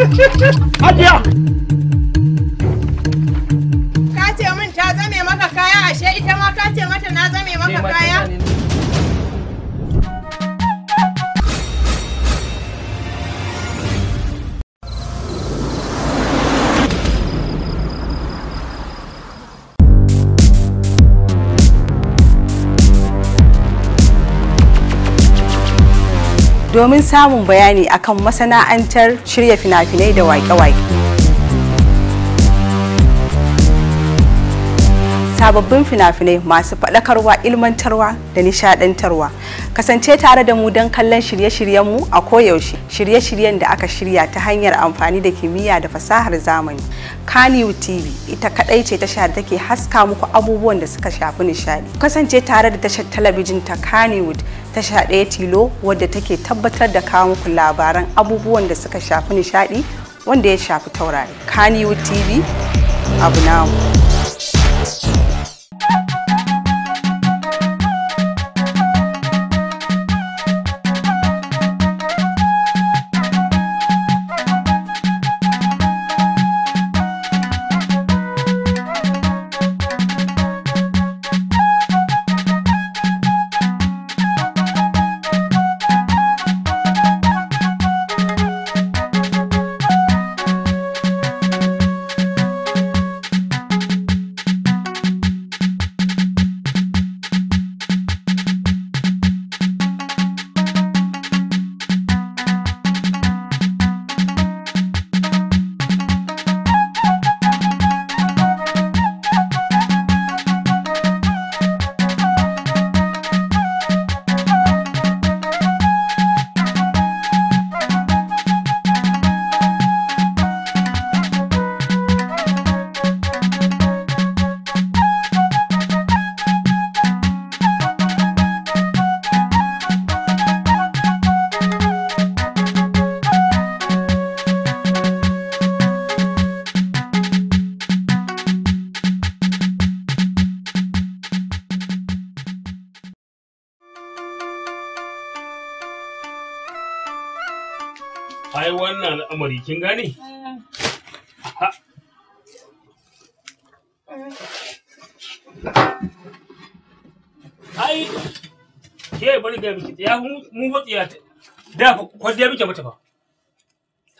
Ajiya! Ka ce min ta zame maka kaya ashe ita ma ka ce mata na zame maka kaya? domin samun bayani akan masana'antar shirya fina-finai da waƙe-waƙe. sababbin fina-finai masu faɗakarwa ilmantarwa da nishaɗantarwa kasance tare da mu don kallon shirye-shiryenmu a koyaushe shirye-shiryen da aka shirya ta hanyar amfani da kimiyya da fasahar zamani kaniyu tv ita kaɗai ce tasha da take haska muku abubuwan da suka shafi nishaɗi kasance tare da tashar talabijin ta kaniyu tasha ɗaya tilo wadda take tabbatar da kawo muku labaran abubuwan da suka shafi nishaɗi wanda ya shafi taurari kaniyu tv abu namu ai wannan al'amari kin gane ai ke bari ga miki ya mu fa tsiya da fa kwalliya muke mata fa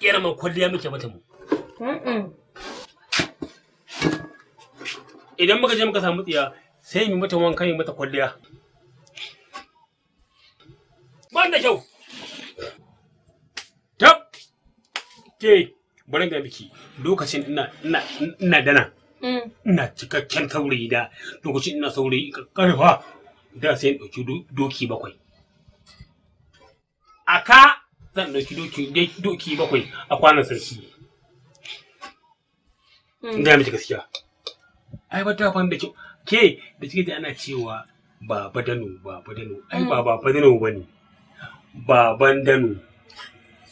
kiyar ma kwalliya muke mata mu idan muka je muka samu tsiya sai mu mata wankan mata kwalliya ban da kyau ke bari ga miki lokacin ina ina ina dana mm. ina cikakken saurayi da lokacin ina saurayi karfa da sai in ɗauki doki bakwai a ka zan ɗauki doki bakwai a kwanan sarki in mm. gaya miki gaskiya ai wata fan da ke da kike ana cewa baba dano baba dano ai mm. ba baba dano bane baban dano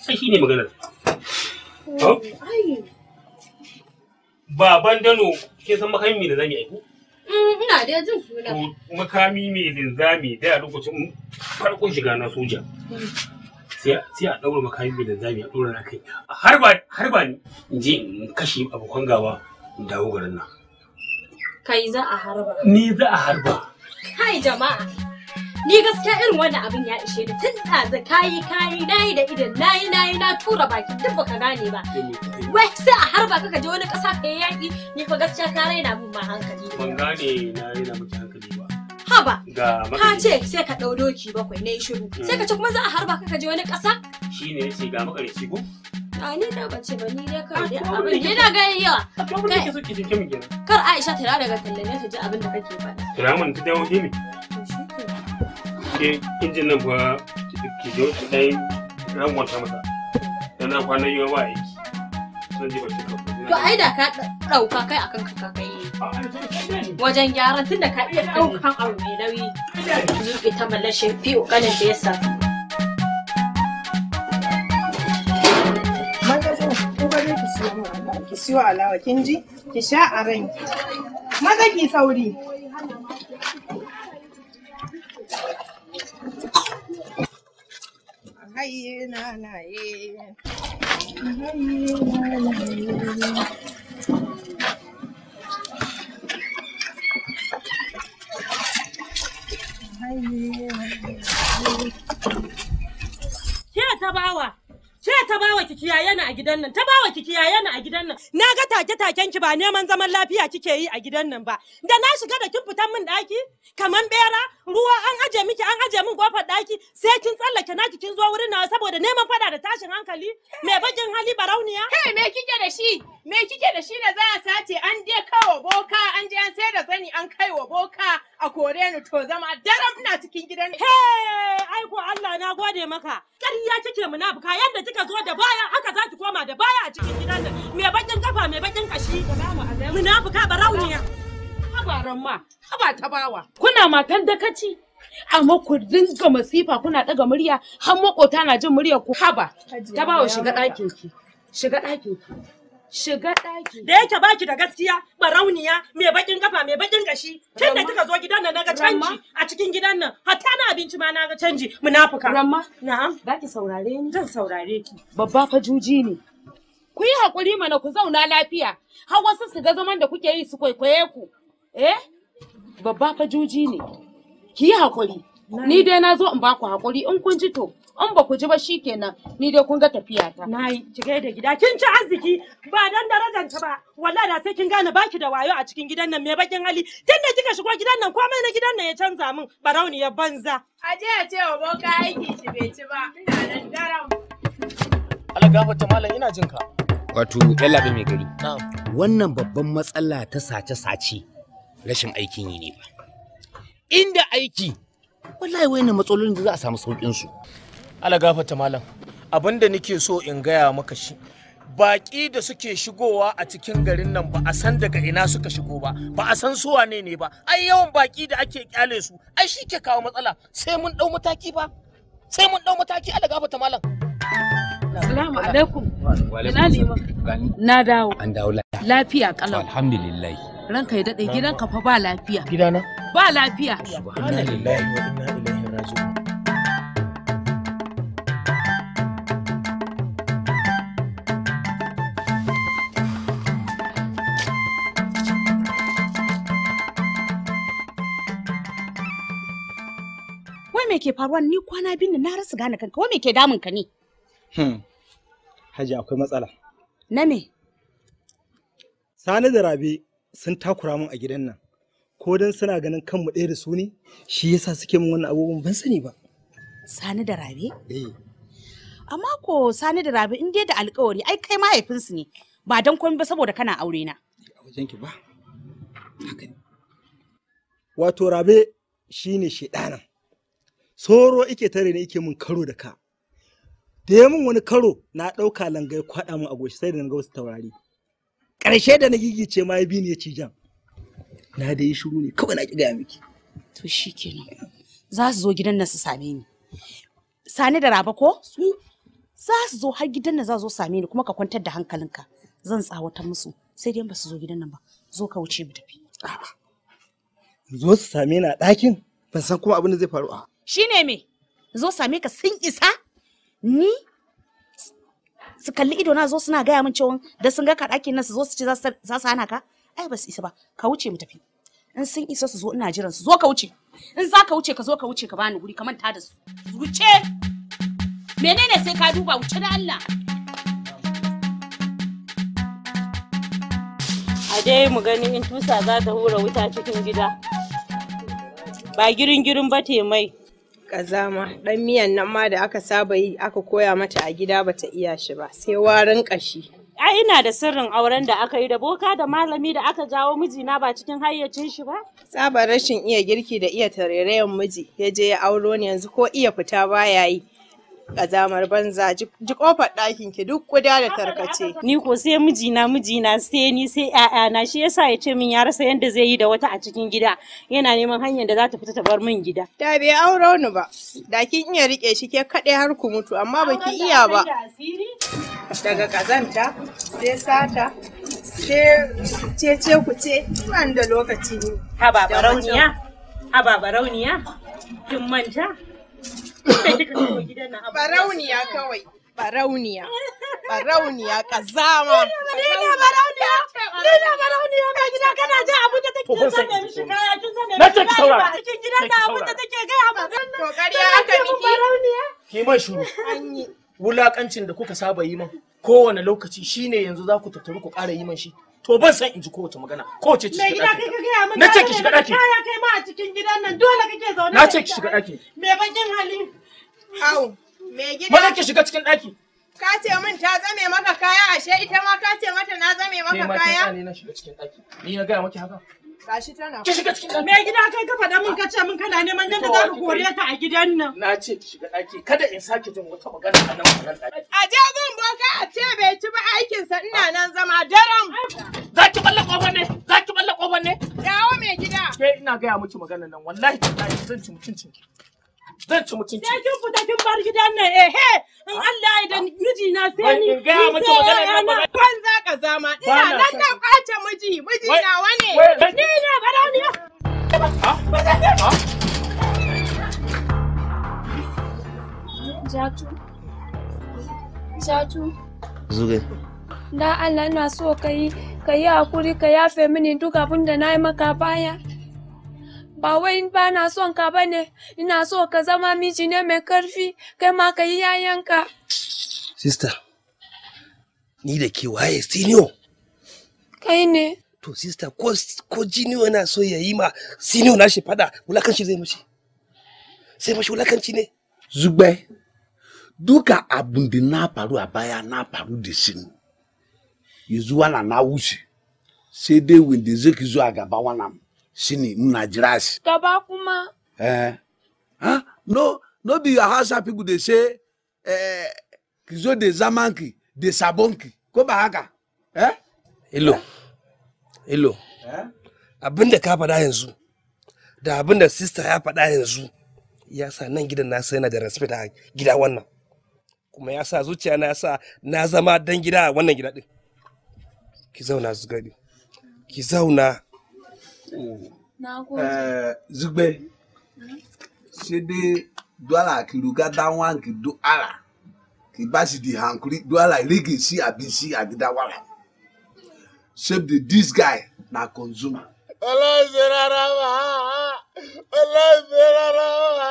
sai shine maganar Baban Dano, ke san makami da zan yi aiko? Mm, ina da jin suna. Makami mai linzami da a lokacin farkon shiga na soja. Sai a ɗaura makami mai linzami a ɗora na kai. Har ba ni je in kashe abokan gaba in dawo garin nan. Kai za a harba. Ni za a harba. Kai jama'a. ni gaskiya irin wannan abin ya ishe ni tun za kayi kayi nayi da idan nayi nayi na tura baki duk baka gane ba wai sai a harba kaka je wani ƙasa kai yaki yaƙi ni fa gaskiya ka raina mun ma hankali ban gane na raina miki hankali ba haba ka ce sai ka ɗau doki bakwai na yi shiru mm. sai ka ce kuma za a harba kaka je wani ƙasa shine yace ga makarici ko a ni da bace ba ni dai kawai dai abin da na ga yawa kar Aisha tira daga ne ta ji abin da kake faɗa tira mun ta dawo ne ke injin nan fa ki zo ki dai rangonta mata dan nan kwanan yau ba aiki sun ji ba shi to ai da ka dauka kai akan ka kai wajen gyaran tunda ka iya daukan abu mai nauyi ni ita mallashin fi ukanin da ya samu ki siyo alawa kin ji ki sha a ranki maza ki sauri haye na na na na ta bawa ta bawa ki kiyaye ni a gidan nan, ta bawa ki kiyaye ni a gidan nan. Na ga take taken ki ba neman zaman lafiya kike yi a gidan nan ba. Da na shiga da kin fitan min daki kaman bera, ruwa an aje miki an aje min gofar daki, sai kin tsallake naki kin zo wurin nawa saboda neman fada da tashin hankali. Me bakin hali barauniya? Kai me kike da shi? Me kike da shi sa za a sace an je kawo boka, an je an sai da zani an kai wa boka a kore ni to zama daram ina cikin gidan. Hey, ai ko Allah na gode maka. Ƙarya kike munafuka yadda kika zo zo da baya haka za ki koma da baya a cikin gidan nan mai bakin kafa mai bakin kashi munafuka barauniya habaran ma haba ta bawa kuna matan dakaci amma ku dinga masifa kuna daga murya har makota na jin muryar ku haba ta bawa shiga ɗakin ki shiga ɗakin ki Shiga ɗaki. Da yake baki da gaskiya, barauniya, mai bakin kafa, mai bakin gashi. Tun da kika zo gidan nan naga canji a cikin gidan nan. Hatta na abinci ma naga canji, munafuka. Ramma. Na'am. Baki saurare ni? Zan saurare ki. Babba fa juji ne. Ku yi haƙuri mana ku zauna lafiya. Har wasu su ga zaman da kuke yi su kwaikwaye ku. Eh? Babba fa juji ne. Ki yi haƙuri. Ni dai na zo in ba ku haƙuri in kun ji to. in ba ku ji ba shikenan ni dai kun ga tafiya ta nayi cike da gida kin ci arziki ba dan darajar ta ba wallahi da sai kin gane baki da wayo a cikin gidan nan me bakin hali tun da kika shigo gidan nan komai na gidan nan ya canza min barauniyar banza aje a ce wa boka aiki shi bai ci ba ina nan daram algafata malam ina jinka wato mai gari wannan babban matsala ta sace-sace rashin aikin yi ne ba inda aiki wallahi wayannan matsalolin da za a samu saukin su ala gafata malam abin da nake so in gaya maka shi baƙi da suke shigowa a cikin garin nan ba a san daga ina suka shigo ba ba a san suwa ne ne ba ai yawan baƙi da ake kyale su ai shi ke kawo matsala sai mun ɗau mataki ba sai mun ɗau mataki ala gafata malam Salamu alaikum. Ina lima. Na dawo. An dawo lafiya. Lafiya kalau. Alhamdulillah. Ranka ya daɗe gidanka fa ba lafiya. Gidana? Ba lafiya. Subhanallah wa inna ilaihi raji'un. ke faruwa ni kwana biyu na rasa gane kanka wa me ke damun ka ne hmm. Haji akwai matsala na me Sani da Rabe sun takura min a gidan nan ko dan suna ganin kanmu ɗaya da su ne shi yasa suke min wannan abubuwan ban sani ba Sani da Rabe? eh amma ko Sani da Rabe in dai da alƙawari ai kai mahaifinsu ne ba dan komai ba saboda kana aure na wajenki ba wato Rabe shine shedanan soro ike tare ne ike mun karo da ka da ya mun wani karo na ɗauka langai kwaɗa mun a goshi sai da na ga wasu taurari ƙarshe da na gigice ma ya bi ni ya ci jan na da yi shiru ne kawai na ki gaya miki to shikenan za su zo gidan nan su same ni sani da raba ko su za su zo har gidan nan za su zo same ni kuma ka kwantar da hankalinka zan tsawata musu sai dai ba su zo gidan nan ba zo ka wuce mu tafi zo su same ni a ɗakin ban san kuma abin da zai faru a Shi ne me zo same ka sun isa ni su kalli ido na zo suna gaya min cewa da sun ga ka nan su zo su ci za su hana ka ai ba su isa ba ka wuce mu tafi in sun isa su zo ina jiran su zo ka wuce in za ka wuce ka zo ka wuce ka bani guri ka manta da su wuce menene sai ka duba wuce da Allah a dai mu gani in tusa za ta hura wuta cikin gida ba girin girin ba te mai ƙazama ɗan miyan nan ma da aka saba yi aka koya mata a gida bata iya shi ba sai warin ƙashi Ai ina da sirrin auren da aka yi da boka da malami da aka jawo mijina ba cikin hayyacin shi ba Saba rashin iya girki da iya tarerayen miji ya je ya auro ni yanzu ko iya fita baya yi kazamar banza ji kofar ɗakin ki duk kuda da tarkace. Ni ko sai mijina mijina sai ni sai 'ya'yana, shi yasa ya ce min ya rasa yadda zai yi da wata a cikin gida yana neman hanyar da za ta fita ta bar min gida. Da bai auro ni ba da kin iya rike shi ke kaɗai har ku mutu amma baki iya ba. Daga kazanta sai sata sai ce ku ce da lokaci ne. Haba barauniya? Haba barauniya? Kin manta? Barauniya kawai. Barauniya. Barauniya kazama. Ni ne barauniya. Ni ne barauniya mai gida kana ji abin da take sanya mishi kaya kin sanya mishi kaya ba cikin gidan da abin da take gaya ba. To aka miki. Barauniya. Ki mai shuru. Wulakancin da kuka saba yi kowane lokaci shine yanzu za ku tattaru ku ƙara yi shi. to ban san in ji kowace magana kowace ci shiga daki na ce ki shiga daki kara kai ma a cikin gidan nan dole kake zaune na ce ki shiga daki me bakin hali au me gida maza ki shiga cikin daki ka ce min ta zame maka kaya ashe ita ma ka ce mata na zame maka kaya ni ma ta ne na shiga cikin daki ni na ga maki haka Gashi tana. Ki shiga cikin ɗaki. Me gida kai ka faɗa min kace min kana neman yadda za ka kore ta a gidan nan. Na ce ki shiga ɗaki kada in sake jin wata magana a nan wannan ɗaki. A je gun boka a ce bai ci ba aikinsa ina nan zama daram. Za ki balla ƙofar ne? Za ki balla ƙofar ne? Dawo mai gida. Ke ina gaya miki magana nan wallahi zan ci mutuncin ki. zan ci mutunci sai kin fita kin bar gidan nan eh eh in Allah ya da miji na sai ni in ga miki magana na ban za ka zama ina nan na kwace miji miji na wane ni ne barauniya Jatu Jatu Zuge Da Allah ina so ka yi ka yi hakuri ka yafe mini duk abin da na yi maka baya ba wai in ba na son ka bane ina so ka zama miji ne mai karfi kai ma ka yi yayanka sister ni da ke waye senior kai ne to sister ko ko jini yana so ya yi ma senior na shi fada shi zai mushi sai wulakan wulakanci ne zugbe duka abun da na faru a baya na faru da shi yanzu wana na wuce sai dai wanda zai ki zo a gaba wannan shine muna jira shi gaba kuma eh huh? no no be your hausa people dey say eh kizo de zamanki de sabonki ko ba haka eh Hello. Hello. eh? abin da ka faɗa yanzu da abin da sista ya faɗa yanzu ya sa nan gidan na sai na da respect a gida wannan kuma ya sa zuciya na sa na zama dan gida a wannan gida din ki zauna su gani ki zauna Eh, zugbe sede duala kiluga dawan ki du ala ki basi di hankuri duala ilege si abi si agida wala save the this guy na consume. ọlọ́ọ̀sẹ̀ rárá wá ọlọ́ọ̀sẹ̀ rárá wá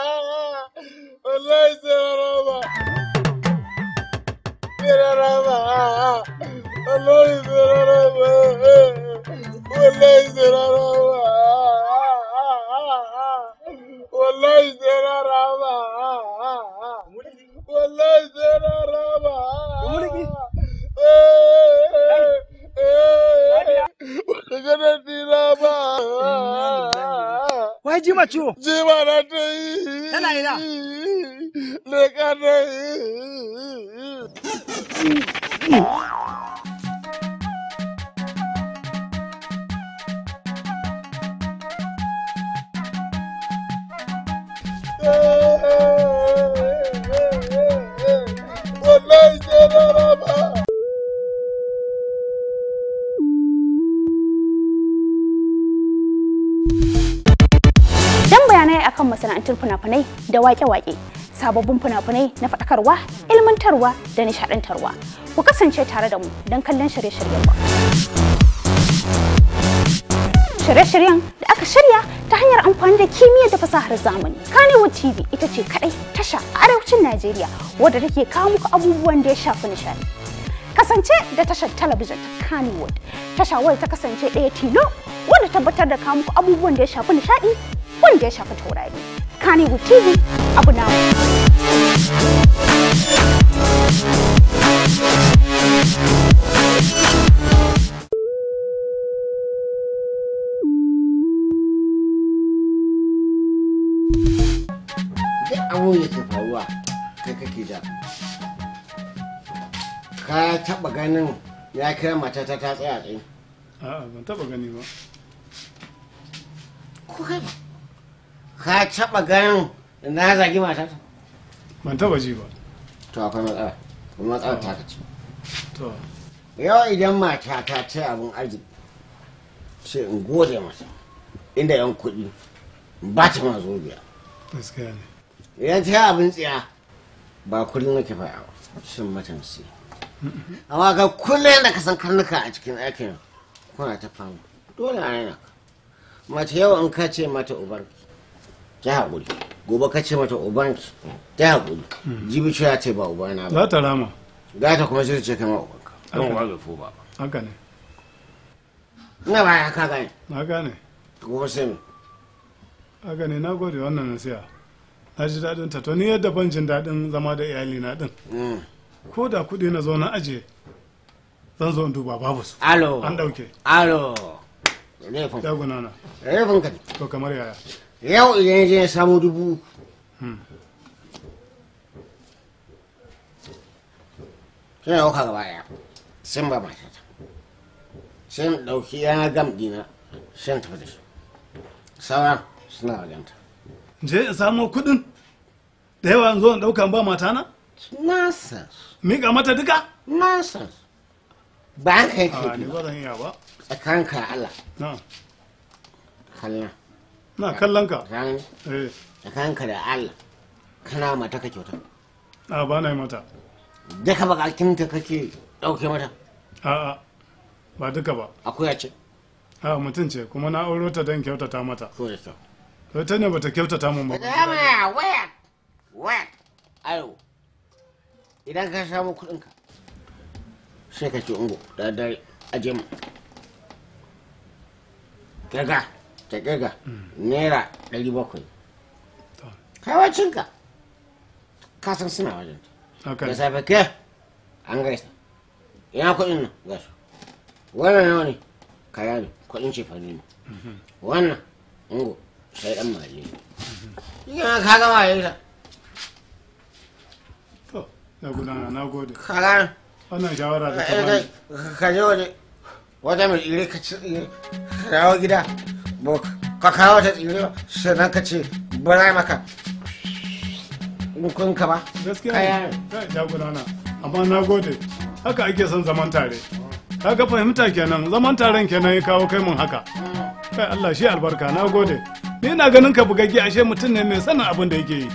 ọlọ́ọ̀sẹ̀ rárá wá ọlọ́ọ̀sẹ̀ rárá wá ọlọ́ọ̀sẹ̀ rárá wá. wallahi sai na rama wallahi sai na rama wallahi sai na rama Daga na ba. Wai jima ciwo? Jima na ta yi. Tana ina? Leka na yi. waƙe-waƙe wake sababbin fina-finai na faɗakarwa, ilmantarwa da nishaɗantarwa. Ku kasance tare da mu don kallon shirye-shiryen ba. Shirye-shiryen da aka shirya ta hanyar amfani da kimiyyar da fasahar zamani. Kanewood TV ita ce kaɗai tasha a arewacin Najeriya wadda take kawo muku abubuwan da ya shafi nishaɗi. Kasance da tashar talabijin ta Kanewood, tasha wadda ta kasance ɗaya tilo wadda tabbatar da kawo muku abubuwan da ya shafi nishaɗi abin da ya shafi taurari kanewu tv abu na abubuwan abin ke faruwa kai kake da ka taba ganin ya kira matata ta tsaya tsaye a'a ban taba gani ba ko kai ba ka taba ganin na zagi matata ban taɓa ji ba to akwai matsala kuma matsala ta ka ce to yau idan mata ta ce abin arziki sai in gode masa inda yan kuɗi ba ta ma zo biya idan ta abin tsiya ba kullum nake faɗa ba shin matan sai amma ga kullum da ka san karnuka a cikin aikin kuna ta fama dole a yana mace yau in ka ce mata ubarki ta haƙuri gobe ka ce mata ubanki ta haƙuri jibi cewa ya ce ba ubana ba za ta rama za ta kuma sai ce kama ubanka don wa ga fo ba haka ne na ba ya ka gane haka ne gobe sai mu haka ne na gode wannan nasiha na ji daɗin ta to ni yadda ban jin daɗin zama da iyali na ɗin mm. ko da kuɗi na zo na aje zan zo in duba babu su alo an ɗauke alo laifin ya gunana laifin ka to kamar yaya yau idan zai samu dubu suna ɗauka gaba ɗaya sun ba matata sun ɗauki yana gam dina sun tafi da shi sauran suna wajenta je in samo kuɗin da yawa zo in ɗauka ba matana? nonsense miƙa mata duka? nonsense ba ka yake ba tsakanin ka Allah kallon na kallon ka tsakanka eh. da allah kana mata ka kyauta a ba na yi mata duka ta kake dauke mata a'a ba duka ba a akuya ce a mutum ce kuma na auro ta don kyautata mata ko da kyau ne bata kyautata mun ba dama waya waya ayo idan ka samu kuɗin ka sai ka ci ungo da dare a mu ta ƙirga mm. naira 700 bakwai kai wacinka ka suna wajen da safe ke an gaisa ina kudin nan gasu wannan yau ne kaya ne ce cefane ne mhm. wannan ungo sai dan mali ne yana mhm. ka gama yin sa to na gudana na gode ka wannan shawara da ka eh, bani eh, ka je waje wata mai ire ka dawo gida ka kawo ta tsiriwa sannan ka ce bara maka ka ba gaskiya jagorana amma na gode haka ake son zaman tare kaga fahimta kenan zaman taren kenan ya kawo kai mun haka kai Allah shi albarka na gode ni na ganin ka bugagge ashe mutum ne mai sanin abin da yake yi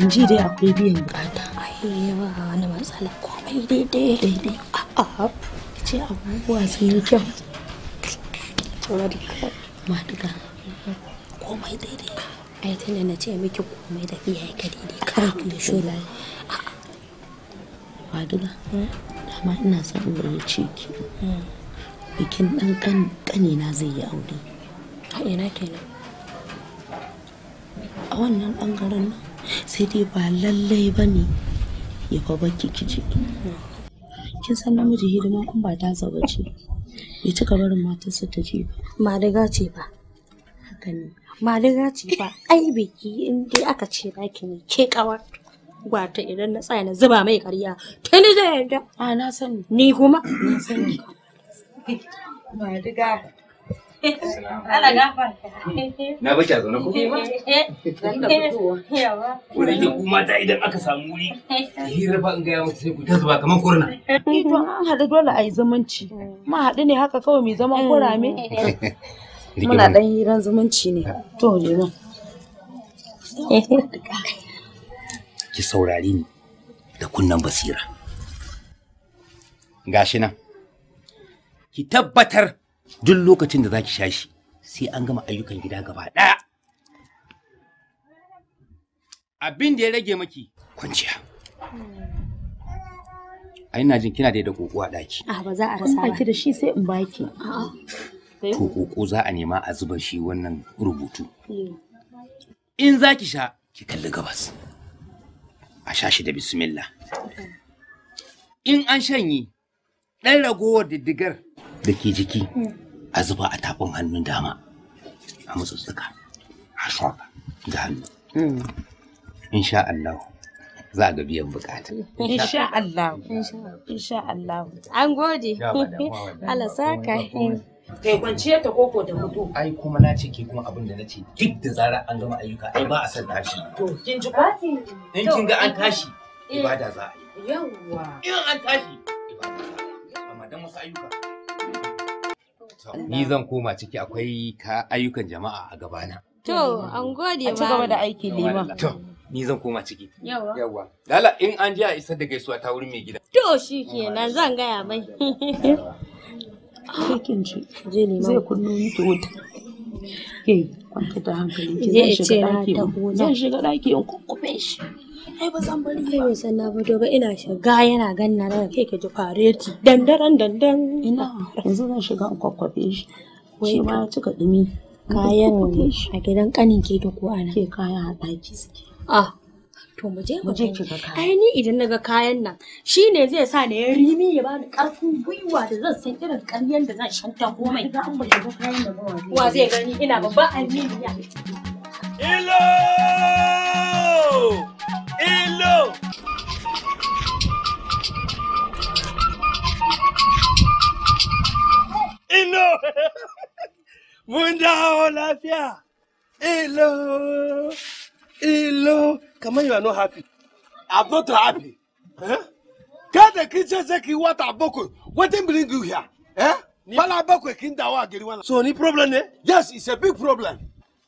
in ji dai akwai biyan bukata ai ba wani matsala komai daidai daidai a'a ce abubuwa sun yi kyau madiga komai daidai ai tunda na ce miki komai da iyaye ka daidai kawai ki da shola madiga dama ina son in gayyace ciki. Mm. bikin dan kanina zai yi aure a ina kenan a wannan bangaren nan sai dai ba lallai ba ne ya fa baki mm. kin san namiji hidima kun ba ta zaba ce ya cika barin matarsa ta je ba Madaga ce ba. Haka ne. ce ba. Ai biki in dai aka ce daki ne ke kawa. Wata idan na tsaya na zuba mai ƙarya Ta ni zai yarda. A na sani. Ni kuma? Na sani. Madaga. Na baki a zaune ba. Wani ke kuma ta idan aka samu wuri, yi raba in gaya mata sai ku ta zuba kamar kurna. Ito eh, an haɗu dole a yi zamanci. Ma haɗu ne haka kawai mai zaman kurame. Muna ɗan hiran zumunci ne. To, jima. Ki saurari ni da kunnen basira. Gashi nan. Ki tabbatar duk lokacin da zaki sha shi sai an gama ayyukan gida gaba ɗaya abin da ya rage maki kwanciya a ina jin kina da da koko a daki a ah, ba za a rasa ba da shi sai in baki to koko za a nema a zuba shi wannan rubutu hmm. in za ki sha ki kalli gabas a sha shi da bismillah in an shanye ɗan ragowar diddigar da ke jiki hmm. a zuba a tafin hannun dama a matsutsuka a shafa da hannu hmm. insha Allah za ga biyan bukata insha Allah insha Allah an gode Allah saka kai kwanciyar ta koko da mutu ai kuma na ce ke kuma abin da nace, duk da zarar an gama ayyuka ai ba a san tashi to kin ji ko in kin ga an tashi eh, ibada za a yi yawwa in an tashi ibada za a yi amma dan wasu ayyuka ni zan koma ciki akwai ka ayyukan jama'a a gabana to an gode ma gaba da aiki lima to ni zan koma ciki yawa yawa lala in an ji a isa da gaisuwa ta wurin mai gida to shi kenan zan gaya mai cikin ji. je ne zai kullu to wuta ke kwanta da hankali ki zan shiga daki zan shiga daki in kukkube shi Kai ba zan bari Kai bai san na fito ba ina shiga yana ganna na kai ka ji fareti. Dandaran dandan. Ina yanzu zan shiga in kwakwafe shi. Shi ma ya cika dumi. Kayan a gidan kanin ke da ko ana. Ke kayan a ɗaki suke. Ah, to mu je mu je ki ga kaya. Ai ni idan naga kayan nan shine zai sa ni ya rimi ya bani karfin gwiwa da zan san irin ƙaryen da zan shanta ko mai. Idan an ba shiga kayan da ba wa zai gani ina babba aminiya. Hello! Hello. Hello. Munda olafia. Hello. Hello. ìlò kamar you are not happy. I'm not happy. Huh? Get the kitchen check you what aboko. bring you here? Eh? Bala aboko kin dawo wana. So ni problem ne? Yes, it's a big problem.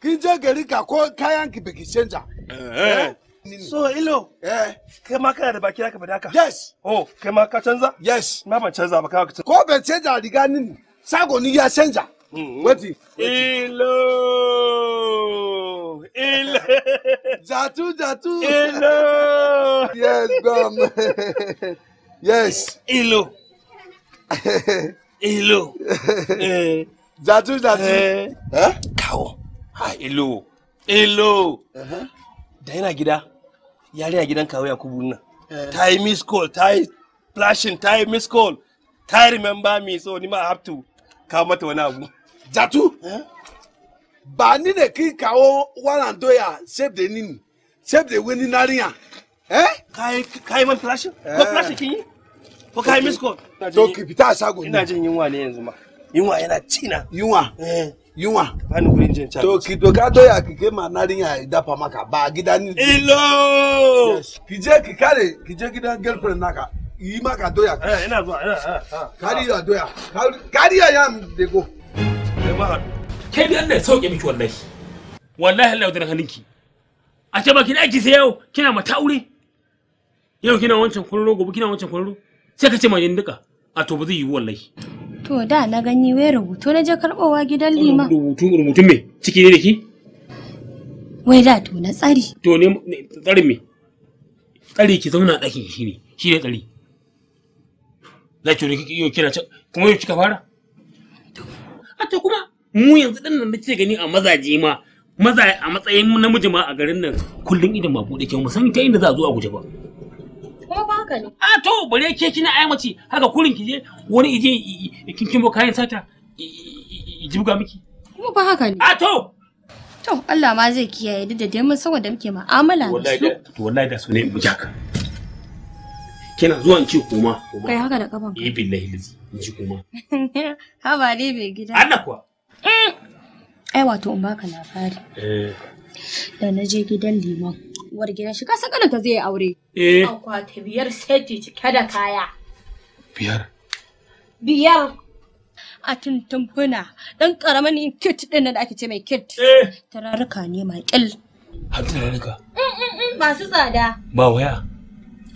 Kin gerika gari ka ko kayan ki eh? eh. eh? So ilo. Eh. Kai ma kana da baki zaka faɗa haka. Yes. Oh, kai ma ka canza? Yes. Na ban canza ba ka ka canza. Ko ban canza riga nini. Sago ni ya canza. Hmm. Wati. Ilo. Ilo. Jatu jatu. Ilo. Yes, gum. yes. Ilo. Ilo. eh. Jatu jatu. Eh. Kawo. Ha ilo. Ilo. Uh -huh. Da yana gida. yarinya gidan kawo yakubu nan eh. ta yi miss call ta yi flashing ta yi miss call ta yi remember me so ni ma have to kawo mata wani abu jatu eh? ba ni ne ki kawo waran doya save the nini save the wani nariya eh kai kai man flashing ko eh. flashing kin yi ko kai miss call to ki fita shago ina jin yunwa ne yanzu ma yunwa yana cina yunwa eh yunwa bani wurin to ki to ka to ki kai ma narin ya dafa ba gida ni ilo ki ki kare ki gidan girlfriend naka yi maka doya eh ina zuwa eh, eh, eh, kari ya doya kari ya yam de go kai dai Allah ya sauke miki wallahi wallahi Allah ya dara halinki a ce baki aiki sai yau kina mata aure yau kina wancan kwararo gobe kina wancan ka ma a to To da na gani wai rubutu na je karɓowa gidan lima. Rubutu rubutun me? Ciki ne ki? Wai da to na tsari. To ne tsarin me? Tsari ki zauna a ɗakin shi ne, shi ne tsari. Za ki yau kira can, kuma yau kika fara? A to kuma mu yanzu ɗan nan da ke gani a mazaje ma, maza a matsayin namiji ma a garin nan kullum idan ba buɗe kyau mu san ta inda za a zo a guje ba. kuma ba haka ne a ah, to bare ke kina ai mace haka kurin ki je wani ije kin kimo kayan sata jibga miki kuma ba haka ne a ah, to to Allah ma zai kiyaye duk da dai mun saboda muke mu'amala da su to wallahi da su ne mu jaka kina zuwa in kuma. koma kai haka da kafan eh billahi lazi in ce koma ha ba dai bai gida Allah kuwa mm. ai wato in baka labari eh. da na je gidan liman uwar gidan shi kasa kana ta zai aure. Eh. Akwati biyar seti cike da kaya. Biyar. Biyar. A tuntumfuna ɗan ƙaramin kit ɗin da ake ce mai kit. Eh. Tararuka ne maƙil. Har tararuka? Mm, mm, mm, masu tsada. Ba waya.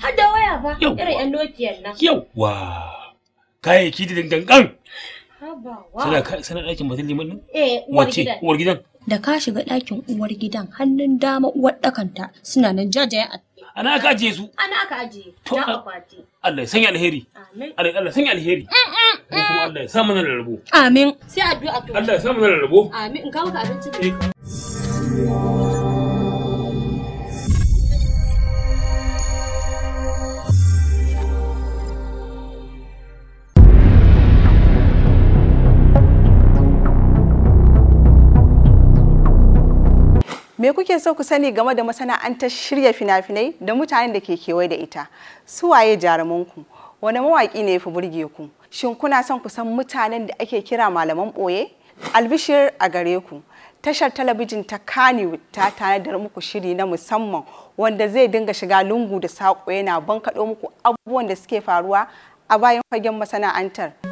Har da waya ba. Irin 'yan Nokiyan nan. Yawwa. Kayayyaki da dangan. Haba wa. Sana ɗakin batun liman nan? Eh, uwar gidan. Uwar gidan. da ka shiga ɗakin uwar gidan hannun dama uwar ɗakanta suna nan jajayen a ana ka ajiye su ana ka ajiye to Allah ya sanya alheri amin Allah ya sanya alheri mm, mm, mm. kuma Allah ya sa mana rabo amin sai addu'a to Allah ya sa mana rabo amin in kawo ka abinci eh. me kuke so ku sani game da masana'antar shirya fina-finai da mutanen da ke kewaye da ita su waye jarumanku wani mawaƙi ne ya fi burge ku shin kuna son ku san mutanen da ake kira malaman ɓoye albishir a gare ku tashar talabijin ta kani ta tanadar muku shiri na musamman wanda zai dinga shiga lungu da saƙo yana bankaɗo muku abubuwan da suke faruwa a bayan fagen masana'antar.